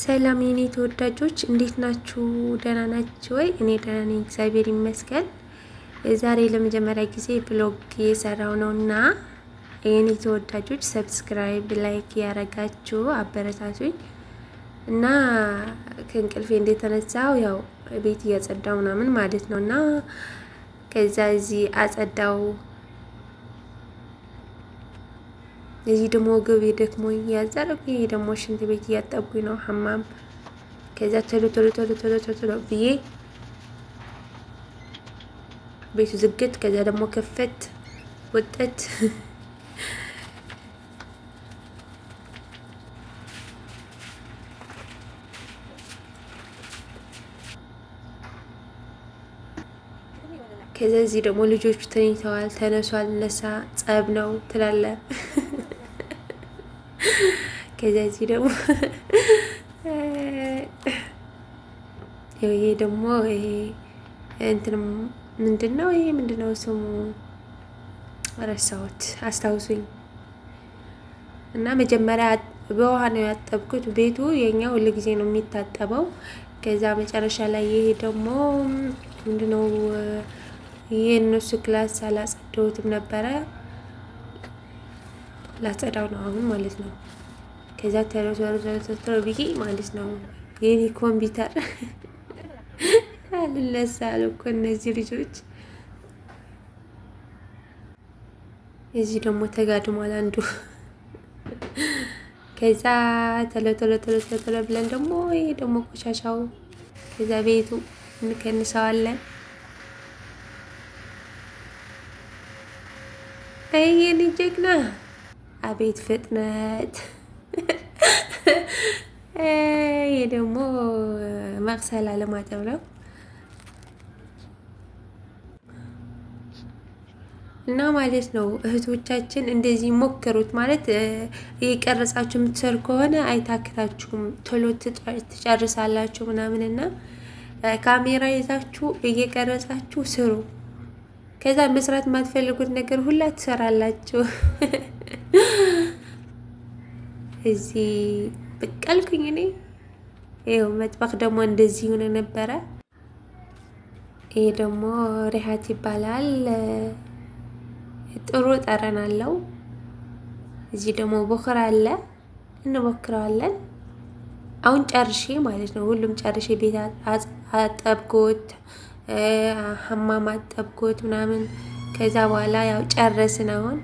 ሰላም የኔ ተወዳጆች እንዴት ናችሁ? ደህና ናችሁ ወይ? እኔ ደህና ነኝ፣ እግዚአብሔር ይመስገን። ዛሬ ለመጀመሪያ ጊዜ ብሎግ የሰራው ነው እና የኔ ተወዳጆች ሰብስክራይብ፣ ላይክ ያረጋችሁ አበረታቱኝ እና ከእንቅልፌ እንደተነሳው ያው ቤት እያጸዳው ምናምን ማለት ነው እና ከዛ እዚህ አጸዳው እዚህ ደግሞ ወገብ የደክሞኝ ያዛረብ ይሄ ደግሞ ሽንት ቤት እያጠቡኝ ነው ሐማም ከዚያ ቶሎ ቶሎ ቶሎ ቶሎ ቶሎ ብዬ ቤቱ ዝግት ከዚያ ደግሞ ከፈት ወጠት ከዚያ እዚህ ደግሞ ልጆቹ ተኝተዋል። ተነሷል ነሳ ጸብ ነው ትላለ ከዚያ እዚህ ደግሞ ይሄ ደግሞ ይሄ እንትን ምንድን ነው? ይሄ ምንድን ነው ስሙ? ረሳሁት፣ አስታውሱኝ። እና መጀመሪያ በውሃ ነው ያጠብኩት። ቤቱ የኛ ሁል ጊዜ ነው የሚታጠበው። ከዛ መጨረሻ ላይ ይሄ ደግሞ ምንድነው? ይሄ እነሱ ክላስ አላጸደውትም ነበረ ላጸዳው ነው አሁን ማለት ነው። ከዛ ተረተረተረ ብዬ ማለት ነው የኔ ኮምፒውተር አልነሳ አለ እኮ እነዚህ ልጆች። እዚህ ደግሞ ተጋድሟል አንዱ። ከዛ ተለተለተለተለ ብለን ደግሞ ይሄ ደግሞ ቆሻሻው ከዛ ቤቱ እንከንሰዋለን። አይ የኔ ጀግና አቤት ፍጥነት! ይህ ደግሞ መቅሰል አለማጠብ ነው እና ማለት ነው እህቶቻችን እንደዚህ ሞክሩት። ማለት እየቀረጻችሁ የምትሰሩ ከሆነ አይታክታችሁም፣ ቶሎ ትጨርሳላችሁ ምናምን እና ካሜራ ይዛችሁ እየቀረጻችሁ ስሩ። ከዛ መስራት የማትፈልጉት ነገር ሁላ ትሰራላችሁ። እዚህ ብቅ አልኩኝ እኔ። ይኸው መጥባቅ ደግሞ እንደዚህ ሆነ ነበረ። ይሄ ደግሞ ሪሃት ይባላል። ጥሩ ጠረን አለው። እዚህ ደግሞ ቦክር አለ፣ እንቦክረዋለን። አሁን ጨርሼ ማለት ነው። ሁሉም ጨርሼ ቤት አጠብጎት ሀማም አጠብጎት ምናምን ከዛ በኋላ ያው ጨረስን አሁን